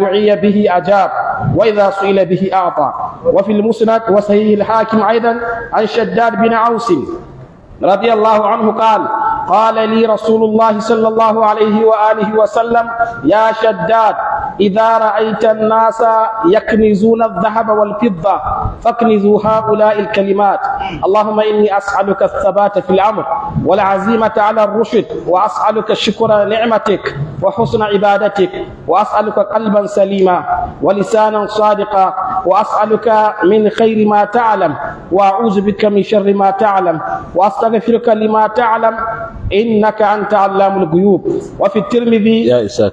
دعي به أجاب وإذا سئل به أعطى وفي المسند وصحيح الحاكم أيضا عن شداد بن عوس رضي الله عنه قال قال لي رسول الله صلى الله عليه وآله وسلم يا شداد إذا رأيت الناس يكنزون الذهب والفضة فاكنزوا هؤلاء الكلمات اللهم إني أسألك الثبات في الأمر والعزيمة على الرشد وأسألك شكر نعمتك وحسن عبادتك وأسألك قلبا سليما ولسانا صادقا وأسألك من خير ما تعلم وأعوذ بك من شر ما تعلم وأستغفرك لما تعلم إنك أنت علام الغيوب وفي الترمذي يا إساك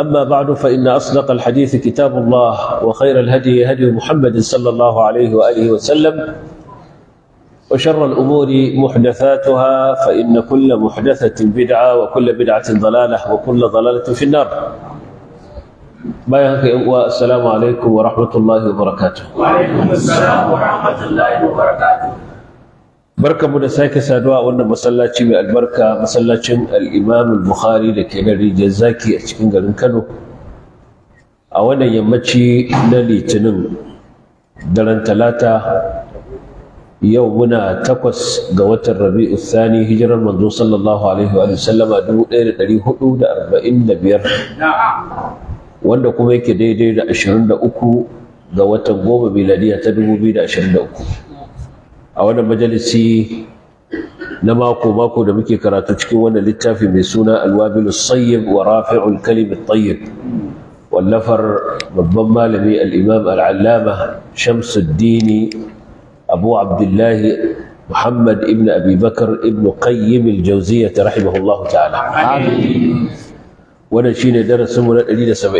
أما بعد فإن أصدق الحديث كتاب الله وخير الهدي هدي محمد صلى الله عليه وآله وسلم وشر الأمور محدثاتها فإن كل محدثة بدعة وكل بدعة ضلالة وكل ضلالة في النار والسلام عليكم ورحمة الله وبركاته وعليكم السلام ورحمة الله وبركاته barkamu da sake saduwa a wannan masallaci mai albarka masallacin al'imam al-bukhari da ke garin zaki a cikin garin kano a wannan yammaci na litinin daren talata yau muna takwas ga watan rabi'u thani hijirar manzo sallallahu alaihi wa sallama 1445 wanda kuma yake daidai da 23 ga watan goma miladiya ta 2023 a wannan majalisi na mako mako da muke karatu cikin wannan littafi mai suna alwabilu sayyib wa rafi'ul kalim tayyib wallafar babban malami al-imam al-allama shamsuddin abu abdullahi محمد Ibn أبي بكر ابن قيم الجوزية رحمه ta'ala تعالى wannan shine darasin mu na 179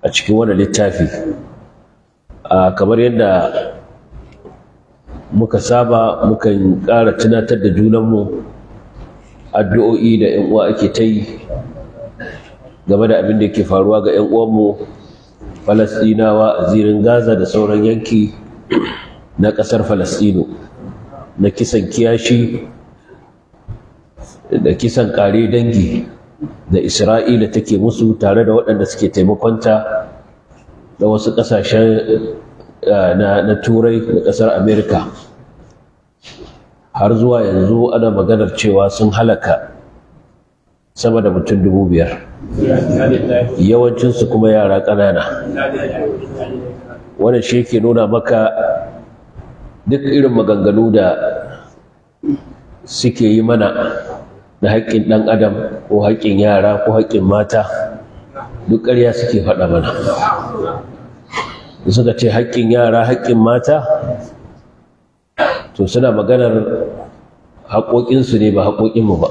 a cikin wannan littafi kamar yadda muka saba mukan ƙara tunatar da junanmu addu'o'i da ‘yan uwa ake ta yi game da abin da ke faruwa ga ‘yan uwanmu falasɗinawa a zirin gaza da sauran yanki na ƙasar falasdino na kisan kiyashi da kisan ƙare dangi da isra'ila take musu tare da waɗanda suke taimakonta da wasu ƙasashen Eh, na turai da ƙasar amerika har zuwa yanzu ana maganar cewa sun halaka sama da mutum dubu biyar yawancinsu kuma yara ƙanana Wani shi ke nuna maka duk irin maganganu da suke yi mana da haƙƙin ɗan adam ko haƙƙin yara ko haƙƙin mata duk ƙarya suke faɗa mana suka ce haƙƙin yara haƙƙin mata to suna maganar haƙoƙinsu ne ba haƙoƙinmu ba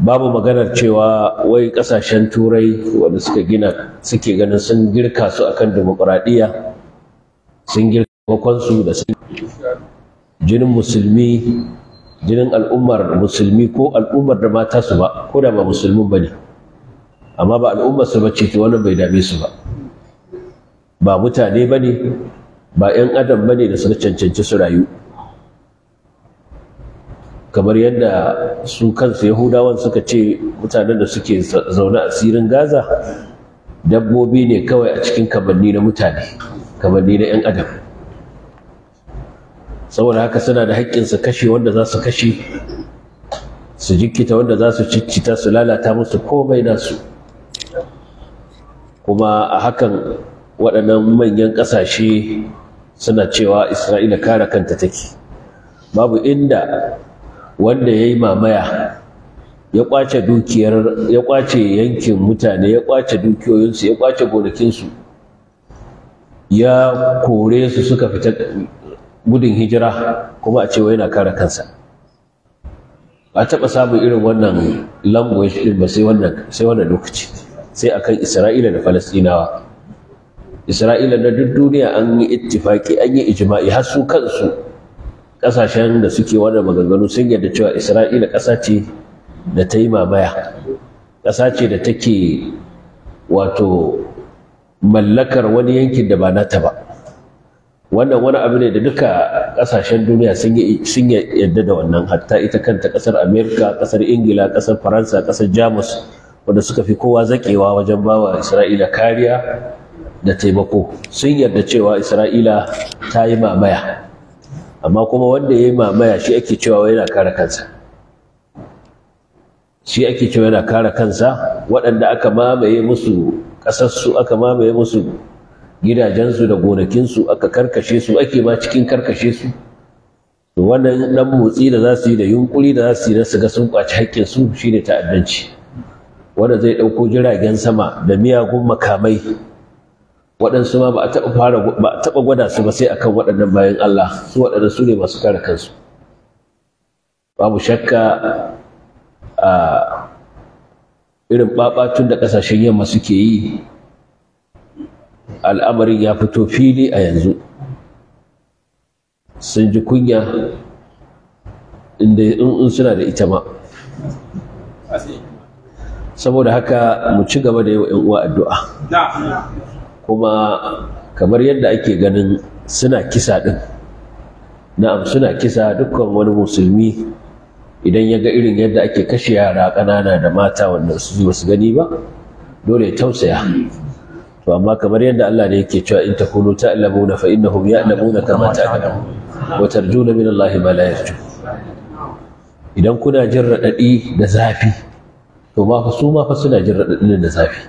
babu maganar cewa wai ƙasashen turai wanda suka gina suke ganin sun girka su akan demokuraɗiyya sun girka makonsu da sun jinin musulmi jinin al'ummar musulmi ko al'ummar da mata su ba ko da ba musulmin ba ne amma ba al'ummar su bace to wannan bai dame su ba ba mutane bane ba 'yan adam bane da suka cancanci su rayu kamar yadda su kansu yahudawan suka ce mutanen da suke zaune a sirin gaza dabbobi ne kawai a cikin kamanni na mutane kamanni na 'yan adam saboda haka suna da haƙƙin su kashe wanda za su kashe su jikita wanda za su ciccita su lalata musu komai su. kuma a hakan waɗannan manyan ƙasashe suna cewa isra'ila kare kanta take babu inda wanda ya yi mamaya ya kwace dukiyar ya kwace yankin mutane ya kwace dukiyoyinsu ya kwace gonakinsu ya kore su suka fita gudun hijira kuma a cewa yana kare kansa a taɓa samun irin wannan language ɗin ba sai wannan lokaci sai akan isra'ila da falastinawa isra'ila na duk duniya an yi ittifaki an yi ijma'i har su kansu kasashen da suke wannan maganganu sun yarda cewa isra'ila ƙasa ce da ta yi mamaya ƙasa ce da take wato mallakar wani yankin da ba nata ba wannan wani abu ne da duka ƙasashen duniya sun yarda da wannan hatta ita kanta ƙasar amerika ƙasar ingila ƙasar faransa ƙasar jamus wanda suka fi kowa zakewa wajen bawa Isra'ila kariya da taimako sun yarda cewa Isra'ila ta yi mamaya amma kuma wanda ya yi mamaya shi ake cewa yana kare kansa shi ake cewa yana kare kansa waɗanda aka mamaye musu ƙasarsu aka mamaye musu gidajensu da gonakinsu aka karkashe su ake ma cikin karkashe su to wannan dan motsi da za su yi da yunkuri da za su yi na su ga sun kwaci haƙƙinsu shine ta'addanci wanda zai ɗauko jiragen sama da miyagun makamai waɗansu ma ba a taɓa gwada su ba sai akan waɗannan bayan Allah su waɗanda su ne masu kare kansu babu shakka a irin ɓaɓatun da ƙasashen yamma suke yi al'amarin ya fito fili a yanzu sun ji kunya inda in suna da ita ma saboda haka mu ci gaba da yi wa uwa addu'a kuma kamar yadda ake ganin suna kisa din na'am suna kisa dukkan wani musulmi idan ya ga irin yadda ake kashe yara ƙanana da mata wanda su ba su gani ba dole ya tausaya to amma kamar yadda Allah ne yake cewa in takunu ta'lamuna fa innahum ya'lamuna kama ta'lamun wa tarjuna min Allah ma la yarju idan kuna jin radadi da zafi to ma fa su ma fa suna jin raɗaɗin da zafi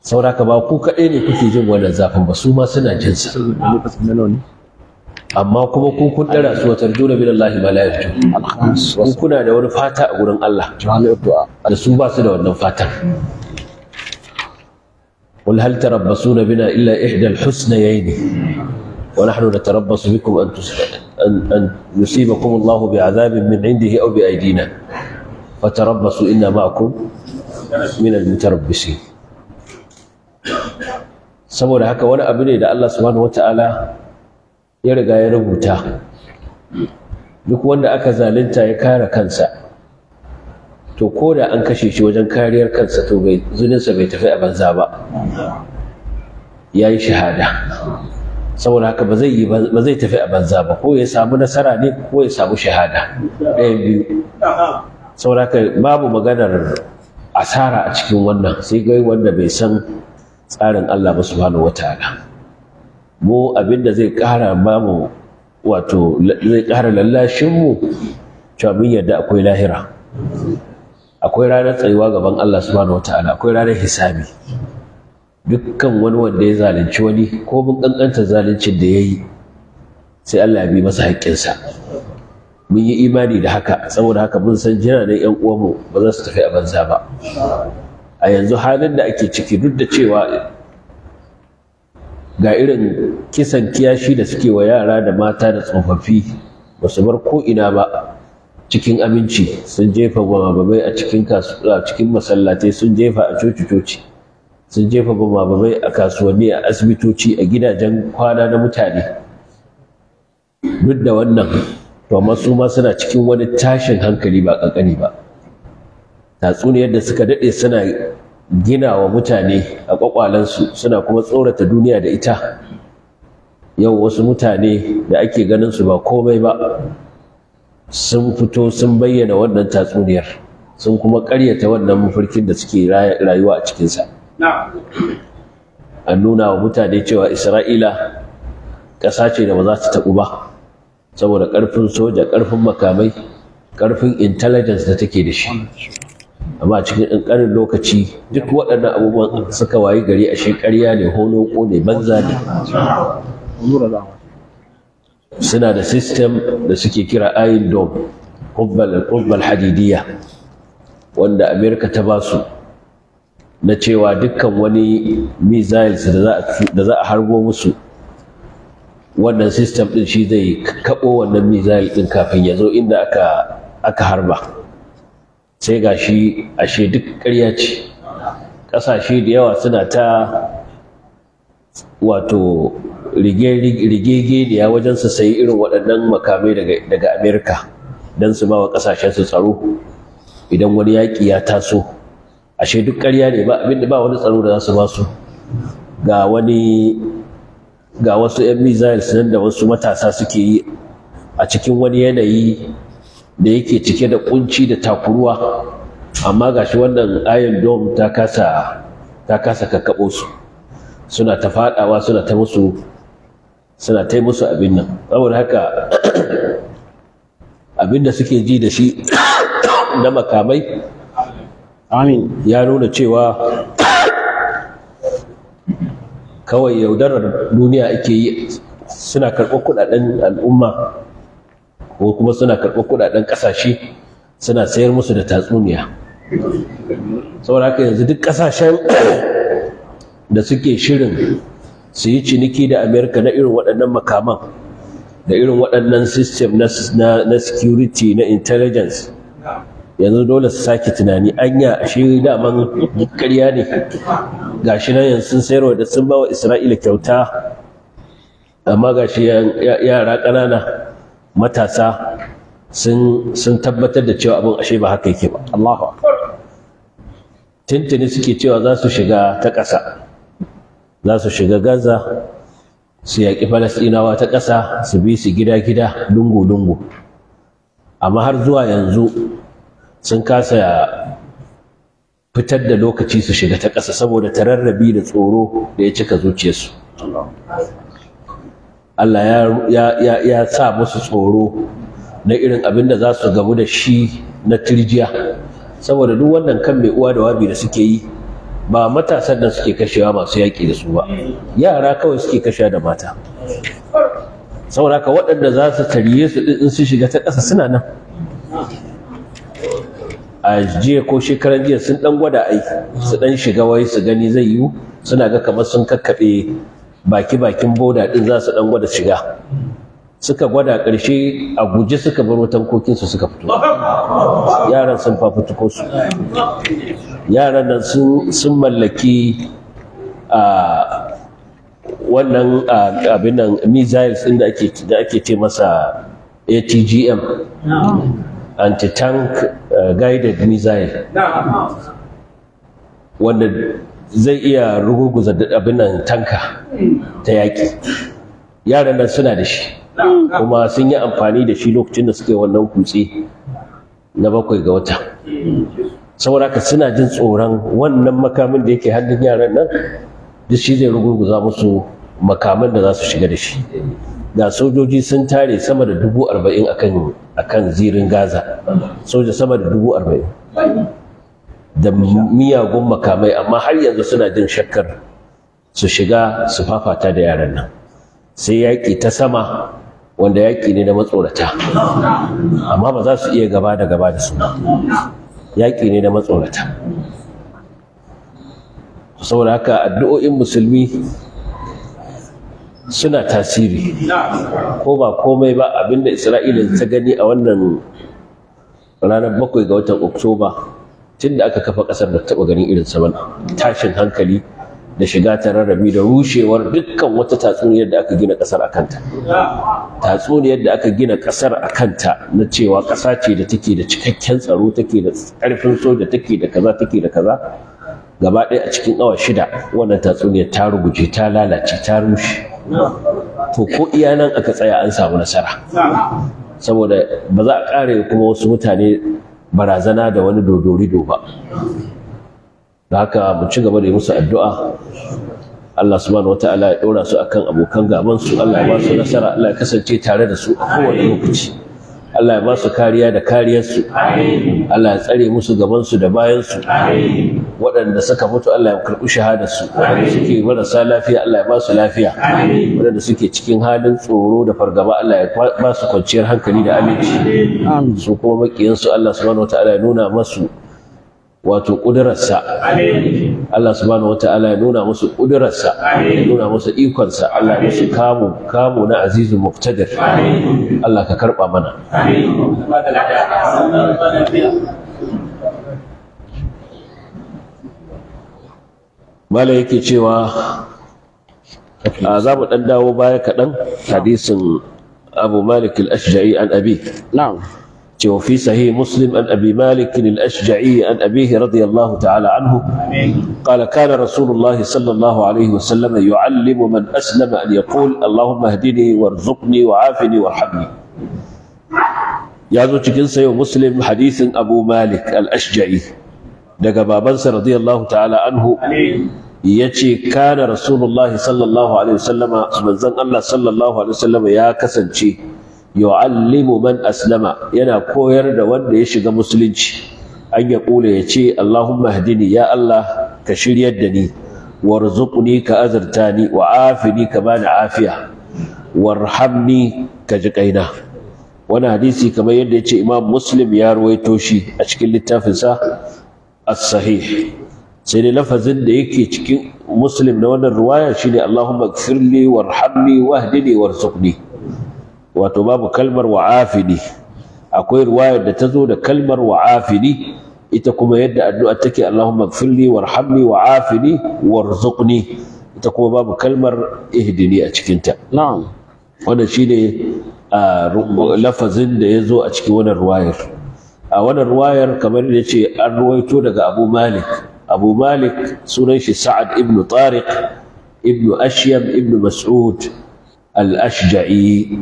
saura ka ba ku kaɗai ne kuke jin wannan zafin ba su ma suna jin sa amma kuma ku kun dara su wata juna min Allah ma la yarju ku kuna da wani fata a gurin Allah da su ba su da wannan fatan قل هل تربصون بنا إلا إحدى الحسنيين ونحن نتربص بكم أن, أن, أن يصيبكم الله بعذاب من عنده أو بأيدينا fatarabbasu inna ma'akum min al-mutarabbisin saboda haka wani abu ne da Allah subhanahu wata'ala ya riga ya rubuta duk wanda aka zalunta ya kare kansa to ko da an kashe shi wajen kariyar kansa to bai zuninsa bai tafi a banza ba ya yi shahada saboda haka ba zai ba zai tafi a banza ba ko ya samu nasara ne ko ya samu shahada ɗayan biyu sauraka babu maganar asara a cikin wannan sai gai wanda bai san tsarin Allah ba subhanahu wataala mu abinda zai ƙara babu wato zai ƙara lallashin mu cewa mun yarda akwai lahira akwai ranar tsayuwa gaban Allah subhanahu wataala akwai ranar hisabi dukkan wani wanda ya zalunci wani ko mun kankanta zaluncin da yayi sai Allah ya bi masa haƙƙinsa mun yi imani da haka saboda haka mun san jira da yan uwanmu ba za su tafi a banza ba a yanzu halin da ake ciki duk da cewa ga irin kisan kiyashi da suke wa yara da mata da tsofaffi ba su bar ko ina ba cikin aminci sun jefa gwamababai a cikin cikin masallatai sun jefa a coci-coci sun jefa gwamababai a kasuwanni a asibitoci a gidajen kwana na mutane duk da wannan to amma su ma suna cikin wani tashin hankali ba kankani ba tatsuniyar da suka daɗe suna gina wa mutane a ƙwaƙwalansu suna kuma tsorata duniya da ita yau wasu mutane da ake ganin su ba komai ba sun fito sun bayyana wannan tatsuniyar sun kuma ƙaryata wannan mafarkin da suke rayuwa a cikinsa an nuna wa mutane cewa isra'ila ƙasa ce da ba za ta taɓu ba saboda ƙarfin soja ƙarfin makamai ƙarfin intelligence da take da shi amma cikin ƙanƙanin lokaci duk waɗannan abubuwan suka wayi gari a ƙarya ne honoko ne banza ne suna da system da suke kira ayin dom hubbal hadidiyya wanda amerika ta ba su na cewa dukkan wani missiles da za a harbo musu wannan system din shi zai kabo wannan misal din kafin ya zo inda aka aka harba sai gashi ashe duk ƙarya ce ƙasashe da yawa suna ta wato rigegeniya wajen su sayi irin waɗannan makamai daga amerika don su ba wa ƙasashensu tsaro idan wani yaƙi ya taso ashe duk ƙarya ne ba abinda ba wani tsaro da za su ba su ga wani ga wasu 'yan missiles nan da wasu matasa suke yi a cikin wani yanayi da yake cike da kunci da takuruwa amma ga shi wannan ayon dom ta kasa ta su suna ta faɗawa suna ta musu suna ta musu abin nan saboda haka abin da suke ji da shi na makamai amin ya nuna cewa kawai yaudarar duniya ake yi suna karɓar kudaden al'umma ko kuma suna karɓar kudaden ƙasashe suna sayar musu da tatsuniya saboda haka yanzu duk ƙasashen da suke shirin su yi ciniki da amerika na irin waɗannan makaman da irin waɗannan system na security na intelligence yanzu dole su sake tunani anya ashe daman ƙarya ne gashi nan yanzu sun sayarwa da sun bawa Isra'ila kyauta amma gashi yara ƙanana matasa sun tabbatar da cewa abin ashe ba haka yake ba Allahu tuntuni suke cewa za su shiga ta ƙasa za su shiga Gaza su yaki Falasɗinawa ta ƙasa su bi su gida-gida dungu-dungu amma har zuwa yanzu sun kasa fitar da lokaci su shiga ta ƙasa saboda tararrabi da tsoro da ya cika zuciyarsu Allah ya sa musu tsoro na irin abin da za su gabu da shi na tirjiya saboda duk wannan kan mai uwa da wabi da suke yi ba matasan nan suke kashewa masu yaƙi da su ba yara kawai suke kashewa da mata saboda haka waɗanda za su tarye su in su shiga ta ƙasa suna nan a jiya ko shekaran jiya sun dan gwada aiki su dan shiga wai su gani zai yiwu suna ga kamar sun kakkaɓe baki bakin boda din za su dan gwada shiga suka gwada karshe a guje suka baro tankokinsu suka fito yaran sun fafutuko su yaran nan sun mallaki a wannan abin nan missiles ɗin da ake ce masa atgm anti-tank Eh, guided missile wanda zai iya rugurguza abin nan tanka ta yaƙi yaran nan suna da shi kuma sun yi amfani da shi lokacin da suke wannan kutse na bakwai ga wata saboda ka suna jin tsoron wannan makamin da yake hannun yaran nan duk shi zai rugurguza musu makamin da za su shiga da shi da sojoji sun tare sama da dubu arba'in a kan zirin gaza soja sama da dubu arba'in da miyagun makamai amma har yanzu suna jin shakkar su shiga su fafata da yaran nan sai yaƙi ta sama wanda yaƙi ne na matsorata amma ba za su iya gaba da gaba da suna yaƙi ne na matsorata saboda haka addu'o'in musulmi suna tasiri ko ba komai ba abinda isra'ila ta gani a wannan ranar bakwai ga watan oktoba tun da aka kafa kasar da taba ganin irin saman tashin hankali da shiga ta rarrabi da rushewar dukkan wata tatsuniyar da aka gina kasar a kanta tatsuniyar da aka gina kasar a kanta na cewa ƙasa ce da take da cikakken tsaro take da karfin soja take da kaza take da kaza gaba ɗaya a cikin awa shida wannan tatsuniyar ta ruguje ta lalace ta rushe to ko iya nan aka tsaya an samu nasara saboda ba za a ƙare kuma wasu mutane barazana da wani dodorido ba da haka mu ci gaba da yi musu addu'a Allah subhanahu wataala ya ɗora su akan abokan gaban su Allah ya ba su nasara Allah ya kasance tare da su a kowane lokaci Allah ya ba su kariya da kariyarsu Allah ya tsare musu gabansu da bayansu waɗanda suka mutu Allah ya karɓi shahadarsu suke marasa lafiya Allah ya ba su lafiya waɗanda suke cikin halin tsoro da fargaba Allah ya ba su kwanciyar hankali da aminci su kuma maƙiyansu Allah subhanahu wataala ya nuna masu wato ƙudurarsa Allah subhanahu ta'ala ya nuna musu ƙudurarsa ya nuna musu ikonsa Allah ya musu kamu kamu na azizu muktadir Allah ka karɓa mana Mala yake cewa za mu ɗan dawo baya kaɗan hadisin أبو مالك الأشجعي عن أبيه نعم وفي صحيح مسلم عن أبي مالك الأشجعي عن أبيه رضي الله تعالى عنه قال كان رسول الله صلى الله عليه وسلم يعلم من أسلم أن يقول اللهم اهدني وارزقني وعافني وارحمني يازو تكين سيو مسلم حديث أبو مالك الأشجعي دقى بابنس رضي الله تعالى عنه yace kana rasulullahi sallallahu alaihi wasallama manzon Allah sallallahu alaihi wasallama ya kasance yu'allimu man aslama yana koyar da wanda ya shiga musulunci an ya kula ya ce Allahumma hadini ya Allah ka shiryar da ni warzuqni ka azurta ni wa afini ka bani afiya warhamni ka ji kaina wani hadisi kamar yadda ya ce imam muslim ya ruwaito shi a cikin littafinsa as-sahih sai dai lafazin da yake cikin muslim na wannan ruwaya shine Allahumma ighfirli warhamni wahdini warzuqni wato babu kalmar wa'afini akwai ruwayar da ta zo da kalmar wa'afini ita kuma yadda addu'a take Allahumma gfirli warhamni wa'afini warzuqni ita kuma babu kalmar ihdini a cikinta na'am wannan shine lafazin da ya zo a cikin wannan ruwayar a wannan ruwayar kamar da an ruwaito daga Abu Malik Abu Malik sunan shi Sa'ad ibn Tariq ibn Ashyam ibn Mas'ud al-Ashja'i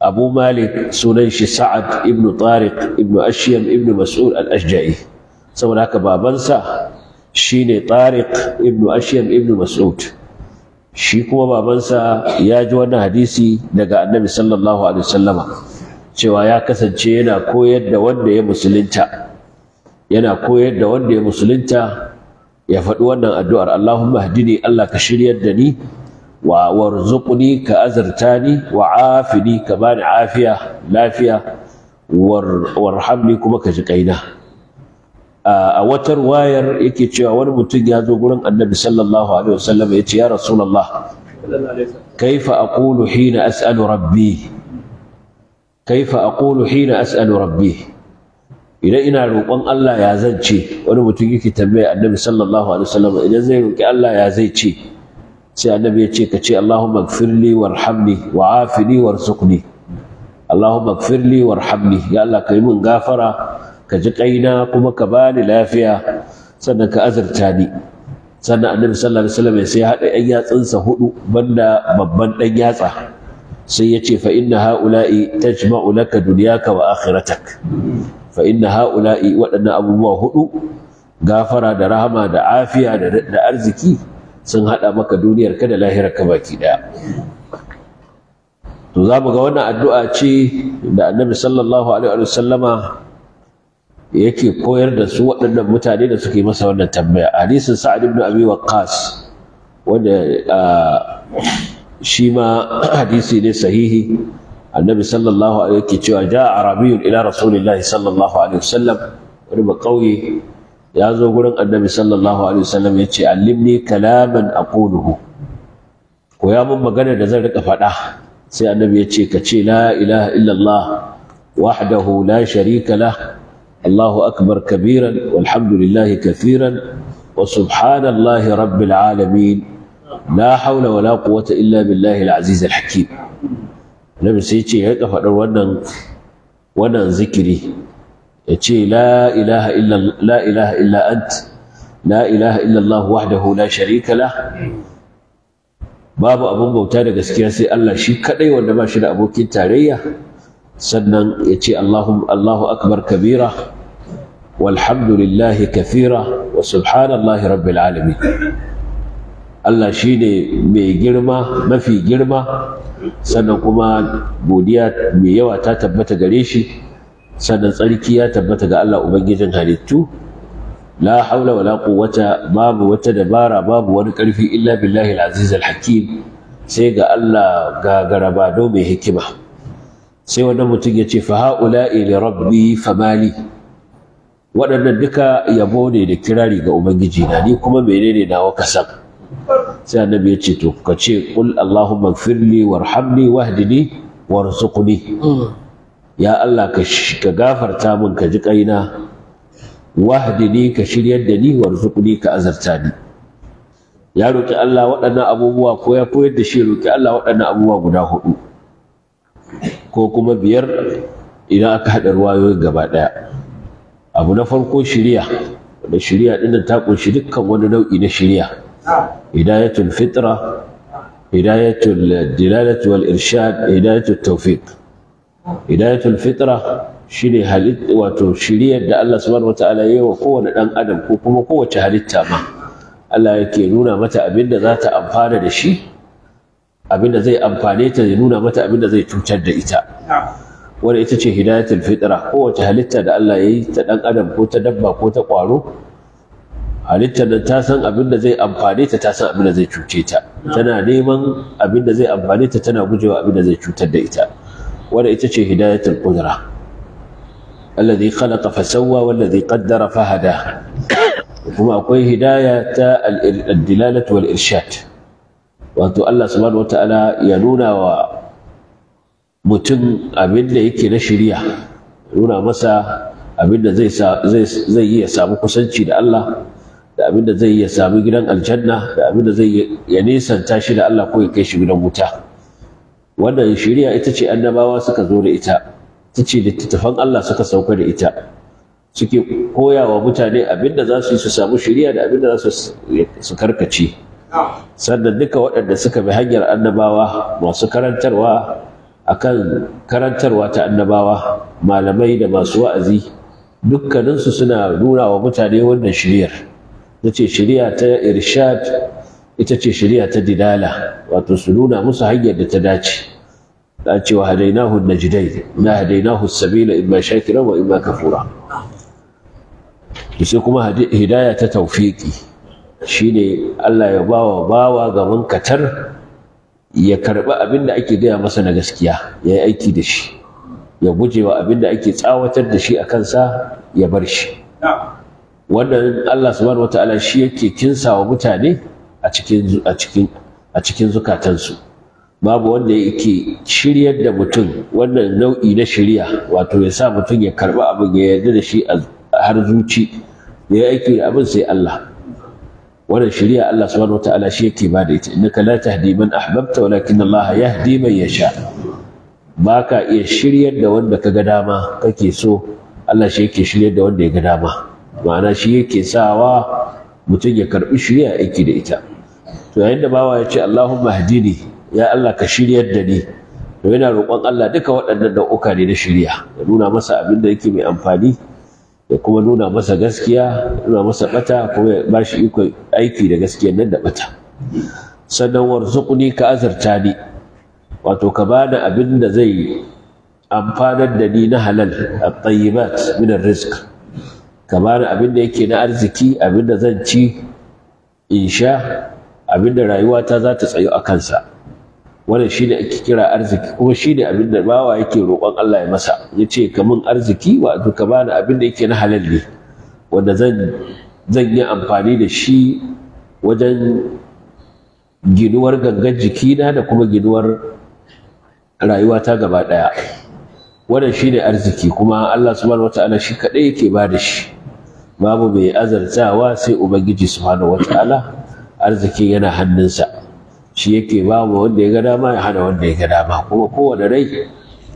abu malik sunan shi sa'ad ibn tariq ibn ashyam ibn mas'ud al-ashja'i saboda haka babansa shine tariq ibn ashyam ibn mas'ud shi kuma babansa ya ji wannan hadisi daga annabi sallallahu alaihi wasallama cewa ya kasance yana koyar da wanda ya musulunta yana koyar da wanda ya musulunta ya faɗi wannan addu'ar Allahumma hadini Allah ka shiryar da ni wa warzuqni ka azartani wa afini ka bani afiya lafiya ni kuma ka ji kaina a wata ruwayar yake cewa wani mutum ya zo gurin annabi sallallahu alaihi wasallam ya ce ya rasulullah kaifa aqulu hina as'alu rabbi kaifa aqulu hina rabbi ina roƙon Allah ya zan ce wani mutum yake tambaya annabi sallallahu alaihi idan zai Allah ya zai ce sai annabi ya ce ka ce Allahumma gfirli warhamni wa afini warzuqni Allahumma gfirli warhamni ya Allah yi min gafara ka ji kaina kuma ka bani lafiya sannan ka azurta ni sannan annabi sallallahu alaihi wasallam sai ya hada ɗan yatsunsa hudu banda babban ɗan yatsa sai ya ce fa inna haula'i tajma'u laka dunyaka wa akhiratak fa inna haula'i waɗannan abubuwa hudu gafara da rahama da afiya da arziki sun haɗa maka duniyar ka da lahirar ka baki ɗaya to za mu ga wannan addu'a ce da annabi sallallahu alaihi wa yake koyar da su waɗannan mutane da suke masa wannan tambaya hadisin sa'ad ibn abi waqqas wanda shi ma hadisi ne sahihi annabi sallallahu alaihi yake cewa ja arabiyyun ila rasulillahi sallallahu alaihi wasallam wani ba ya zo gurin annabi sallallahu alaihi wasallam ya ce allimni kalaman aquluhu koya min magana da zan rika faɗa sai annabi ya ce ka ce la ilaha illallah wahdahu la sharika lah Allahu akbar kabiran walhamdulillahi kathiran wa subhanallahi rabbil alamin la hawla wala quwwata illa billahi al-aziz al-hakim annabi sai ya ce ya rika faɗar wannan wannan zikiri ya ce la ilaha illa ant la ilaha illa wahdahu la sharika la babu abin bauta da gaskiya sai Allah shi kadai wanda ba shi da abokin tarayya sannan ya ce Allahu akbar kabira walhamdulillahi kafira wa subhanallahi rabbil alamin Allah shi ne mai girma mafi girma sannan kuma godiya mai yawa ta tabbata gare shi sannan tsarki ya tabbata ga Allah ubangijin halittu la haula wala quwwata babu wata dabara babu wani karfi illa billahi al-aziz al-hakim sai ga Allah ba do mai hikima sai wannan mutum ya ce fa haula'i li rabbi famali waɗannan duka yabo ne da kirari ga ubangiji na ni kuma menene nawa kasan sai annabi ya ce to ka ce qul allahumma ighfirli warhamni wahdini warzuqni mm. ya Allah ka gafarta min ka ji kaina wahdini ka shiryar da ni warzuqni ka azarta ni ya roki Allah waɗannan abubuwa ko ya koyar da shi roki Allah waɗannan abubuwa guda hudu ko kuma biyar idan aka haɗa ruwayoyin gaba ɗaya abu na farko shirya wanda shirya ɗinnan ta ƙunshi dukkan wani nau'i na shirya hidayatul fitra hidayatul dilalatu wal irshad hidayatul tawfiq hidayatul fitra shine halitta wato shiriyar da Allah subhanahu wataala ya yi wa kowane dan adam ko kuma kowace halitta ma Allah yake nuna mata abin da za ta amfana da shi abin da zai amfane ta ya nuna mata abin da zai cutar da ita wanda ita ce hidayatul fitra kowace halitta da Allah ya yi ta dan adam ko ta dabba ko ta kwaro halittar da ta san abin da zai amfane ta ta san abin da zai cuce ta tana neman abin da zai amfane ta tana gujewa abin da zai cutar da ita wadda ita ce hidayatul qudra alladhi khalaqa fa sawwa walladhi qaddara fa hada kuma akwai hidaya ta ad-dilalatu wal irshad wato Allah subhanahu wataala ya nuna wa mutum abin da yake na shari'a nuna masa abin da zai zai iya samu kusanci da Allah da abin da zai iya samu gidan aljanna da abin da zai ya nisanta shi da Allah ko ya kai shi gidan wuta wannan shari'a ita ce annabawa suka zo da ita ita ce littattafan Allah suka sauka da ita suke koya wa mutane abinda za su yi su samu shari'a da abinda za su karkace sannan duka waɗanda suka bi hanyar annabawa masu karantarwa akan karantarwa ta annabawa malamai da masu wa'azi dukkaninsu suna nuna wa mutane wannan shiryar ta ce shirya ta irshad ita ce shari'a ta didala wato su nuna musu hanyar da ta dace ta ce wa hadainahu najdai na hadainahu sabila imma shakira wa imma kafura sai kuma hidaya ta tawfiki shine Allah ya bawa bawa ga katar ya karɓi abin da ake gaya masa na gaskiya ya yi aiki da shi ya guje wa abin da ake tsawatar da shi a kansa ya bar shi wannan Allah subhanahu wataala shi yake kinsa wa mutane a cikin a cikin a cikin zukatansu babu wanda yake shiryar da mutum wannan nau'i na shirya wato ya sa mutum ya karba abin ya yarda da shi har zuci ya yi aiki da abin sai Allah wannan shirya Allah subhanahu wataala shi yake ba da ita innaka la tahdi man ahbabta walakin Allah yahdi man yasha baka iya shiryar da wanda kaga dama kake so Allah shi yake shiryar da wanda ya ga dama ma'ana shi yake sawa mutum ya karbi shirya aiki da ita to yayin da bawa ya ce Allahumma hadini ya Allah ka shiryar da ni to yana roƙon Allah duka waɗannan nau'uka ne na shirya ya nuna masa abin da yake mai amfani ya kuma nuna masa gaskiya nuna masa bata kuma ya ba shi iko aiki da gaskiya nan da bata sannan warzuqni ka azarta ni wato ka bani abin da zai amfanar da ni na halal at-tayyibat min ar-rizq ka bani abin da yake na arziki abin da zan ci in sha abinda rayuwata za ta tsayu a kansa wannan shi ne ake kira arziki kuma shi ne abinda bawa yake roƙon Allah ya masa ya ce ka min arziki wato ka bani abinda yake na halal ne wanda zan zan yi amfani da shi wajen ginuwar gangan jikina da kuma ginuwar rayuwata gaba ɗaya wannan shi ne arziki kuma Allah subhanahu wata'ala shi kaɗai yake ba da shi babu mai azartawa sai ubangiji subhanahu wata'ala arziki yana hannunsa shi yake ba wanda ya ga dama ya hana wanda ya ga dama kuma kowane rai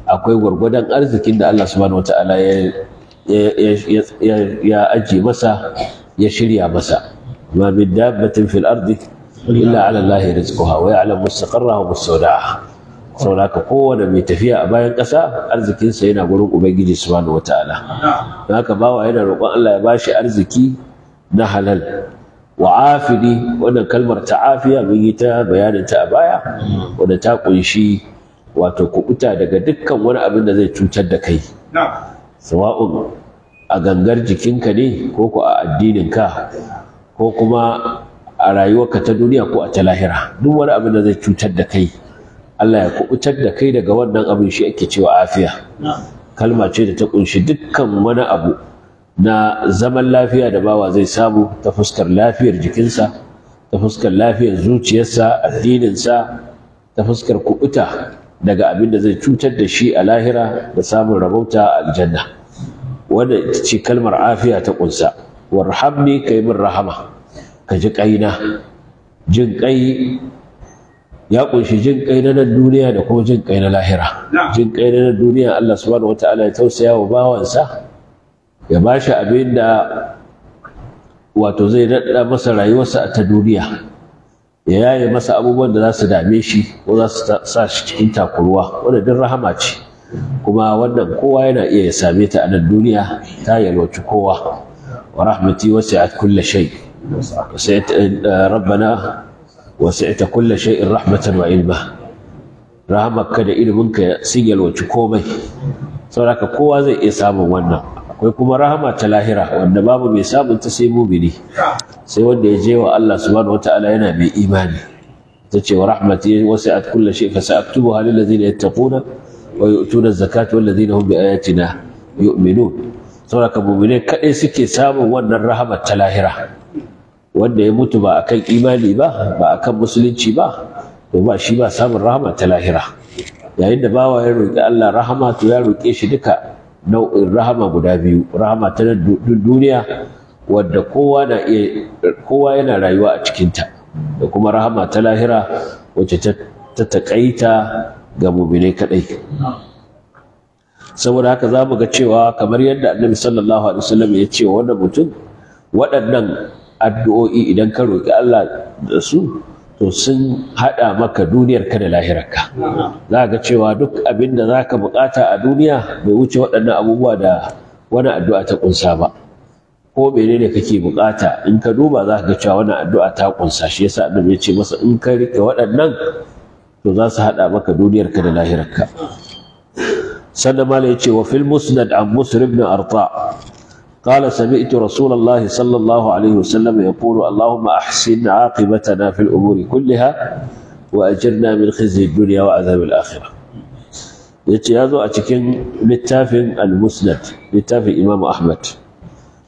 akwai gwargwadon arzikin da Allah subhanahu wataala ya ya ya aje masa ya shirya masa ma min dabbatin fil ardi illa ala Allah rizquha wa ya'lamu mustaqarraha wa mustawda'aha saboda kowane mai tafiya a bayan ƙasa arzikinsa yana gurin ubangiji subhanahu wataala don haka bawa yana roƙon Allah ya bashi arziki na halal wa'afiri wannan kalmar ta'afiya mun yi ta bayanin ta a baya wanda ta kunshi wato kubuta daga dukkan wani abin da zai cutar da kai sawa'un a gangar jikinka ne ko ku a addininka ko kuma a rayuwarka ta duniya ko a ta lahira duk wani abin da zai cutar da kai Allah ya kubutar da kai daga wannan abin shi ake cewa afiya kalma ce da ta kunshi dukkan wani abu na zaman lafiya da bawa zai samu ta fuskar lafiyar jikinsa ta fuskar lafiyar zuciyarsa addininsa ta fuskar kuɓuta daga abin da zai cutar da shi a lahira da samun rabauta a aljanna wanda ce kalmar afiya ta kunsa warhamni kai min rahama ka ji kaina jin ya kunshi jin kai na nan duniya da kuma jin kai na lahira jin kai na nan duniya Allah subhanahu wataala ya tausaya wa bawansa ya ba shi abin da wato zai daɗa masa rayuwarsa a ta duniya ya yaye masa abubuwan da za su dame shi ko za su sa shi cikin takurwa wadda duk rahama ce kuma wannan kowa yana iya ya same ta a nan duniya ta yalwaci kowa wa rahmati wasi'at kulli shay eh, rabbana kulle shai in rahmatan wa ilma ka da iliminka sun yalwaci komai saboda kowa zai iya samun wannan akwai kuma rahama ta lahira wanda babu mai samun ta sai mumini sai wanda ya je wa Allah subhanahu wataala yana mai imani ta ce wa rahmati wasi'at kulli shay fa sa'aktubuha lil ladzina yattaquna wa yu'tuna zakata wal ladzina hum bi ayatina yu'minun saboda mumine kadai suke samun wannan rahama ta lahira wanda ya mutu ba akan imani ba ba akan musulunci ba to ba shi ba samun rahama ta lahira yayin da bawa ya roƙi Allah rahama to ya roƙe shi duka nau'in rahama guda biyu rahama ta duniya wadda kowa yana rayuwa a cikinta da kuma rahama ta lahira wacce ta taƙaita ga muminai kaɗai saboda haka za mu ga cewa kamar yadda annabi sallallahu alaihi wasallam ya ce wannan mutum waɗannan addu'o'i idan ka roki Allah da su to sun haɗa maka duniyar ka da lahirarka za ga cewa duk abin da za ka buƙata a duniya bai wuce waɗannan abubuwa da wani addu'a ta ƙunsa ba ko menene kake buƙata in ka duba za ka ga cewa wani addu'a ta ƙunsa shi yasa annabi ya ce masa in ka rike waɗannan to za su haɗa maka duniyar ka da lahirarka sannan mala ya ce wa fil musnad an musr ibn arta قال سمعت رسول الله صلى الله عليه وسلم يقول اللهم أحسن عاقبتنا في الأمور كلها وأجرنا من خزي الدنيا وعذاب a cikin أتكين al-musnad للتاف imam أحمد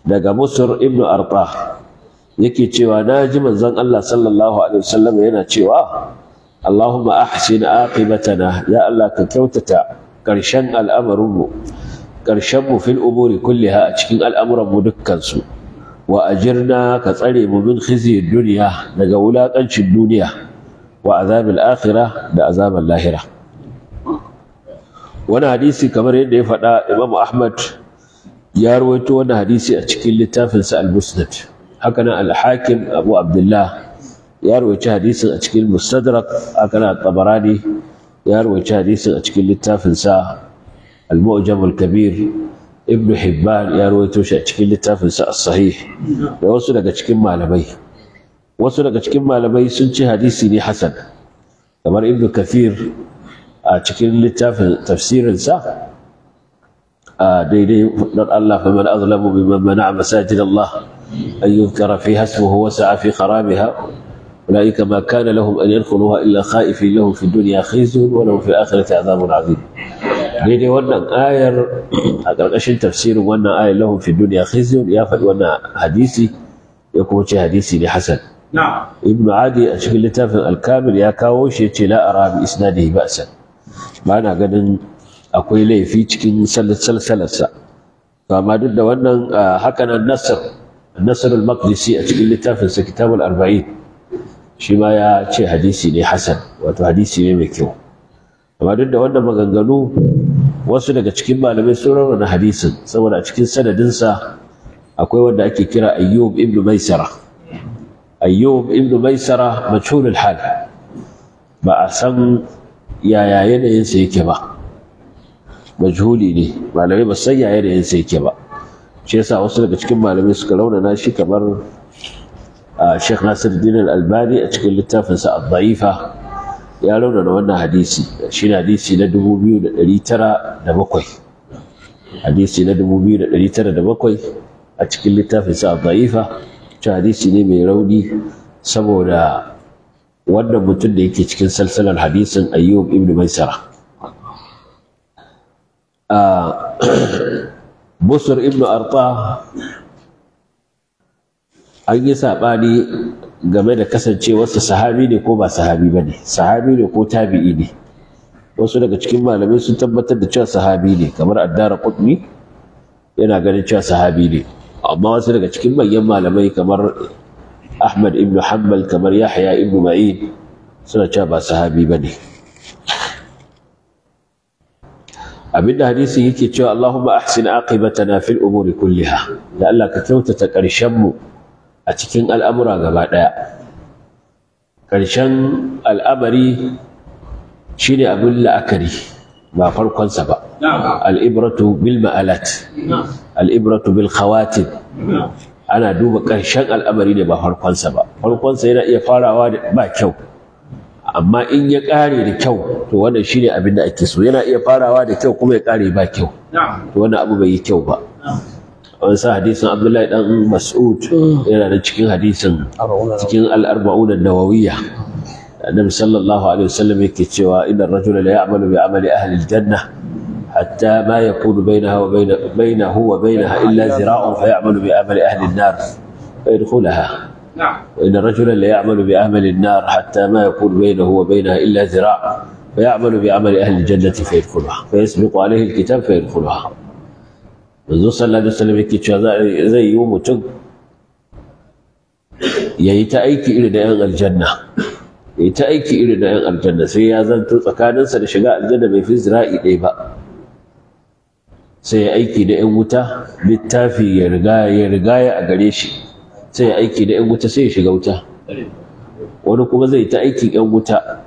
daga Musur ibn Arta yake cewa na ji manzon Allah sallallahu alaihi wasallam yana cewa Allahumma ahsin aqibatana ya Allah ka kyautata ƙarshen al'amarinmu ƙarshen mu fil umuri kulliha a cikin al'amuran mu dukkansu, wa ajirna ka tsare mu min khizyid dunya daga wulakancin duniya wa azabil akhirah da azabal lahira wani hadisi kamar yadda ya faɗa Imam Ahmad ya rawaito wani hadisi a cikin littafinsa al-Musnad haka nan al-Hakim Abu Abdullah ya rawaito hadisin a cikin Mustadrak haka nan Tabarani ya rawaito hadisin a cikin littafinsa المؤجم الكبير ابن حبان يا روي توشا شاكين لتافن الصحيح وصل لك ما لبي وصل لك ما لبي سنتي حديثي لي حسن كما ابن كثير آه، شكين لتافن تفسير الساعة آه، دي دي الله فمن اظلم ممن منع مساجد الله ان يذكر فيها اسمه وسعى في خرابها اولئك ما كان لهم ان يدخلوها الا خائفين لهم في الدنيا خيز ولهم في الاخره عذاب عظيم daidai wannan ayar a ƙarƙashin tafsirin wannan ayar lahum fi duniya khizyun ya faɗi wannan hadisi ya kuma ce hadisi ne hasan ibn adi a cikin littafin alkamil ya kawo shi ce la arabi isnadihi san. ba na ganin akwai laifi cikin salsalarsa to amma duk da wannan haka nan nasr nasr al-maqdisi a cikin littafin sa kitabul arba'in shi ma ya ce hadisi ne hasan wato hadisi ne mai kyau amma duk da wannan maganganu wasu daga cikin malamai sun rauna hadisin saboda a cikin sanadinsa akwai wanda ake kira ayyub ibn maisara ayyub ibn maisara majhulul hal ba a san yaya yanayinsa yake ba majhuli ne malamai ba san yaya yanayinsa yake ba shi yasa wasu daga cikin malamai suka raunana shi kamar ah, Sheikh Nasir Din Al-Albani a cikin littafinsa Al-Da'ifa ya rauna na wannan hadisi shi ne hadisi na 2,907 hadisi na 2,907 a cikin littafin sa da'ifa ci hadisi ne mai rauni saboda wannan mutum da yake cikin salsalar hadisin ayyub ibn maisara busur ibn arta an yi saɓani game da kasancewarsa sahabi ne ko ba sahabi ba ne sahabi ne ko tabi'i ne wasu daga cikin malamai sun tabbatar da cewa sahabi ne kamar addara qutni yana ganin cewa sahabi ne amma wasu daga cikin manyan malamai kamar ahmad ibn hanbal kamar yahya ibn ma'in suna cewa ba sahabi ba ne abinda hadisi yake cewa Allahumma ahsin aqibatana fil umuri kulliha da Allah ka kyautata karshen mu a cikin al'amura gaba ɗaya ƙarshen al'amari shi ne abin la'akari ba farkonsa ba al'ibratu bil ma'alat al'ibratu bil khawatin ana duba ƙarshen al'amari ne ba farkonsa ba farkonsa yana iya farawa ba kyau amma in ya ƙare da kyau to wannan shine abin da ake so yana iya farawa da kyau kuma ya ƙare ba kyau to wannan abu bai yi kyau ba an sa hadisin abdullahi dan mas'ud hmm. yana da cikin hadisin cikin al-arba'un an-nawawiyya annabi sallallahu alaihi wasallam yake cewa inna ar-rajula la ya'malu bi amali ahli janna hatta ma yakunu bainaha wa baina bainahu wa bainaha illa zira'un fa ya'malu bi amali ahli an-nar fa yadkhulaha وإن رجلا لا يعمل بعمل النار حتى ما يكون بينه وبينها إلا ذراع فيعمل بعمل أهل الجنة فيدخلها فيسبق عليه الكتاب فيدخلها yanzu sallallahu alaihi wasallam yake cewa zai yi mutum yayi ta aiki irin da yan aljanna yayi ta aiki irin da yan aljanna sai ya zanto tsakaninsa da shiga aljanna bai fi zira'i ɗaya ba sai ya aiki da yan wuta littafi ya riga ya rigaya a gare shi sai ya aiki da yan wuta sai ya shiga wuta wani kuma zai ta aikin yan wuta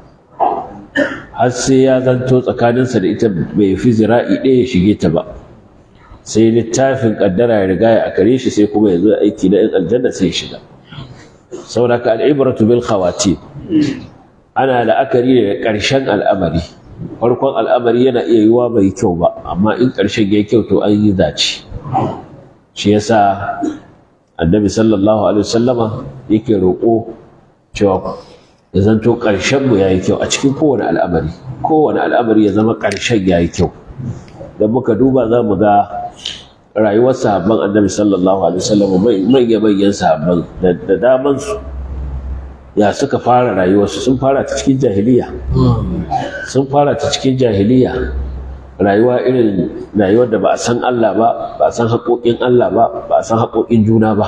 har sai ya zanto tsakaninsa da ita bai fi zira'i ɗaya ya shige ta ba sai littafin kaddara ya riga ya akare shi sai kuma ya zo aiki na 'yan aljanna sai ya shiga saboda ka al'ibratu bil khawatim ana la'akari da ƙarshen al'amari farkon al'amari yana iya yiwa bai kyau ba amma in ƙarshen ya kyau to an yi zaci shi yasa annabi sallallahu alaihi wasallama yake roƙo cewa ya zanto ƙarshen mu yayi kyau a cikin kowane al'amari kowane al'amari ya zama ƙarshen yayi kyau dan muka duba za mu ga rayuwar sahabban annabi sallallahu alaihi wasallam manya manyan sahabban da daman su ya suka fara rayuwarsu sun fara ta cikin jahiliya sun fara ta cikin jahiliya rayuwa irin rayuwar da ba a san Allah ba ba a san haƙoƙin Allah ba ba a san haƙoƙin juna ba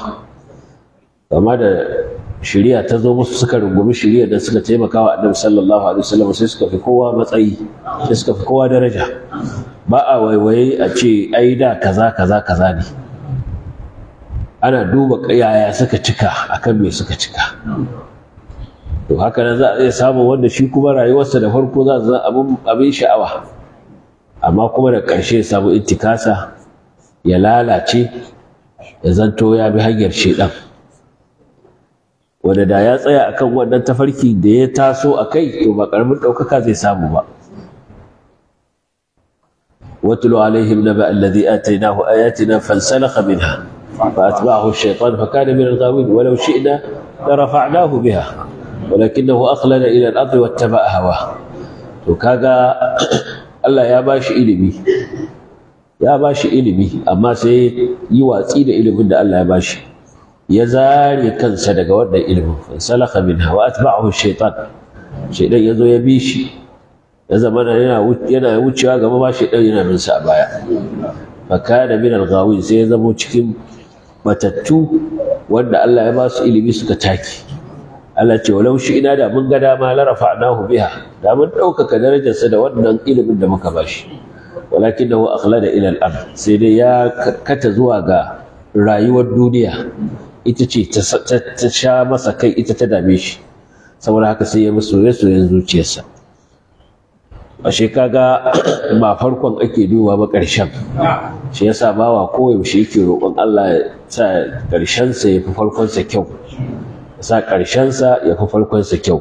amma da shiriya ta zo musu suka rungumi shiriya da suka taimaka wa annabi sallallahu alaihi wasallam sai suka fi kowa matsayi sai suka fi kowa daraja ba a waiwaye a ce ai da kaza kaza kaza ne ana duba yaya suka cika akan me suka cika to haka nan za a iya samun wanda shi kuma rayuwarsa da farko za a abin abin sha'awa amma kuma da ƙarshe ya samu intikasa ya lalace ya zanto ya bi hanyar ɗan. wanda da ya tsaya akan wannan tafarki da ya taso a kai to ba ƙaramin ɗaukaka zai samu ba واتل عليهم نبأ الذي آتيناه آياتنا فانسلخ منها فأتبعه الشيطان فكان من الغاوين ولو شئنا لرفعناه بها ولكنه أخلد إلى الأرض واتبع هواه وكذا الله يا باش إلمي ya ba shi ilimi amma sai yi watsi da ilimin da Allah ya ba shi ya zare kansa daga wannan ilimin salaka min hawa atba'ahu shaytan shaydan yazo ya bi shi ya zama yana wucewa gaba ba shi ɗan yana sa a baya da min al-ghawin sai ya zama cikin matattu wanda Allah ya ba su ilimi suka taki Allah ce walau shi ina da mun ga dama la rafa'nahu biha da mun ɗaukaka darajarsa da wannan ilimin da muka ba shi walakinahu akhlada ila al-ard sai dai ya kata zuwa ga rayuwar duniya ita ce ta sha masa kai ita ta dame shi saboda haka sai ya bi soye-soyen zuciyarsa ashe kaga ba farkon ake duba ba ƙarshen shi yasa bawa koyaushe yake roƙon Allah sa ƙarshensa sa ya fi farkon sa kyau sa ƙarshen sa ya fi farkon sa kyau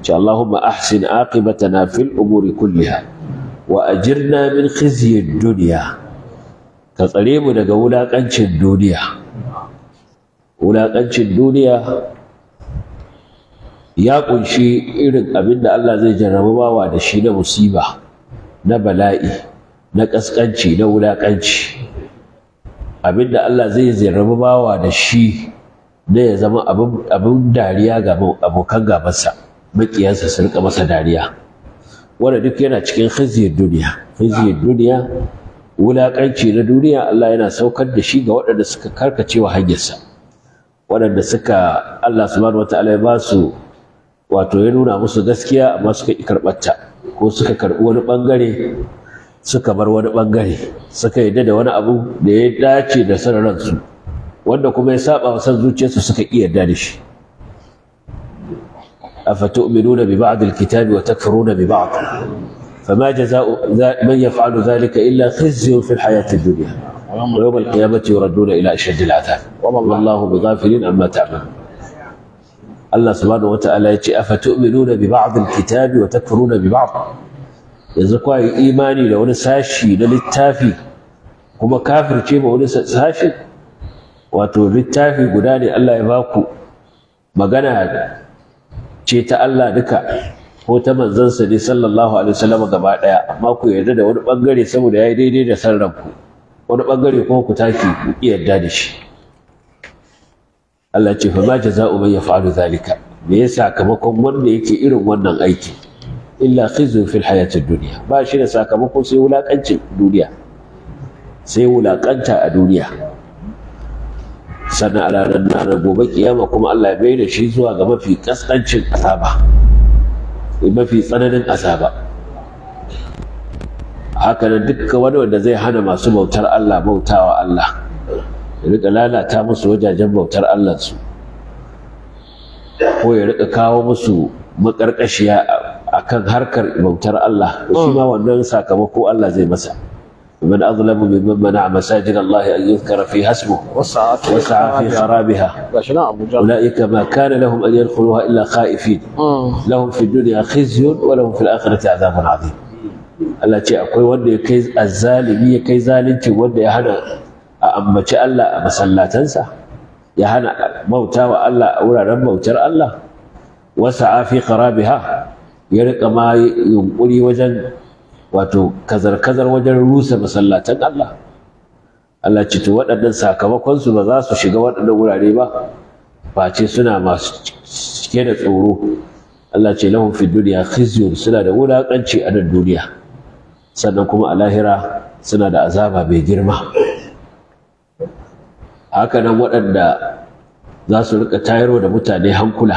ce Allahumma ahsin aqibatana fil umuri kulliha wa ajirna min khizyi dunya ka tsare mu daga wulakancin duniya wulaƙancin duniya ya ƙunshi irin abin da Allah zai jarraba bawa da shi na musiba na bala'i na ƙasƙanci na wulaƙanci abin da Allah zai jarraba bawa da shi na ya zama abin dariya ga abokan gabansa maƙiyansa su riƙa masa dariya wanda duk yana cikin khizyar duniya khizyar duniya wulaƙanci na duniya Allah yana saukar da shi ga waɗanda suka karkacewa hanyarsa waɗanda suka Allah subhanahu ya ba su wato ya nuna musu gaskiya amma suka ƙi karɓarta ko suka karɓi wani ɓangare suka bar wani ɓangare suka yadda da wani abu da ya dace da san ransu wanda kuma ya saba wa san zuciyarsu suka ƙi yarda da shi أفتؤمنون ببعض الكتاب وتكفرون ببعض فما جزاء من يفعل ذلك إلا خزي في الحياة الدنيا ويوم القيامة يردون إلى أشد العذاب والله بغافل عما تعملون Allah subhanahu wataala ya ce a afatu'minuna bi ba'd kitabi wa takfuruna bi ba'd yanzu kwa yi imani da wani sashi na littafi kuma ce ba wani sashi wato littafi guda ne Allah ya baku magana ce ta Allah duka ko ta manzansa ne sallallahu alaihi wasallam gaba daya amma ku yarda da wani bangare saboda yayi daidai da san wani bangare kuma ku tashi ku yarda da shi Allah ce fa ma jaza'u man yaf'alu zalika me ya sakamakon wanda yake irin wannan aiki? illa khizu fil hayatid dunya ba shi da sakamako sai wulakancin duniya sai wulakanta a duniya sannan a na da gobe kiyama kuma Allah ya bai da shi zuwa ga mafi kaskancin azaba mafi tsananin azaba haka nan dukkan wani wanda zai hana masu bautar Allah bautawa Allah ya rika lalata musu wajajen bautar allansu ko ya rika kawo musu makarkashiya a kan harkar bautar Allah shi ma wannan sakamako Allah zai masa من أظلم ممن منع مساجد الله أن يذكر في اسمه وسعى في, وسعى في خرابها أولئك ما كان لهم أن يدخلوها إلا خائفين لهم في الدنيا خزي ولهم في الآخرة عذاب عظيم التي أقول وأن يكيز الزالمية كي زالنتي وأن يهنى a ambaci Allah a masallatansa ya hana bauta wa Allah a wuraren bautar Allah wasu fi rabiha ya rika ma yunƙuri wajen wato kazar-kazar wajen rusa masallatan Allah Allah ce to waɗannan sakamakonsu su ba za su shiga waɗannan wurare ba face suna masu cike da tsoro Allah ce lahum fi dunya khizyun suna da wulakanci a nan duniya sannan kuma a lahira suna da azaba mai girma haka nan waɗanda za su rika tayarwa da mutane hankula